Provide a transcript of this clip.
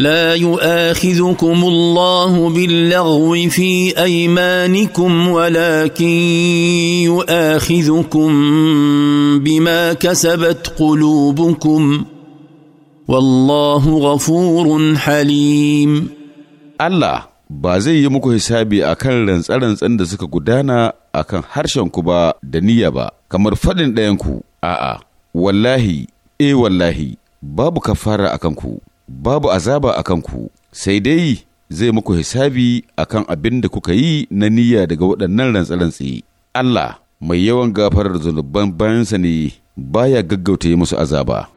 لا يؤاخذكم الله باللغو في ايمانكم ولكن يؤاخذكم بما كسبت قلوبكم والله غفور حليم الله ba zai yi muku hisabi a kan rantsarantsan da suka gudana a kan harshenku ba da niyya ba kamar faɗin ɗayanku a'a wallahi eh wallahi babu kafara a kanku babu azaba a kanku, sai dai zai muku hisabi a kan abin da kuka yi na niyya daga waɗannan rantse-rantse. Allah mai yawan gafarar zunuban bayansa ne baya gaggauta yi musu azaba.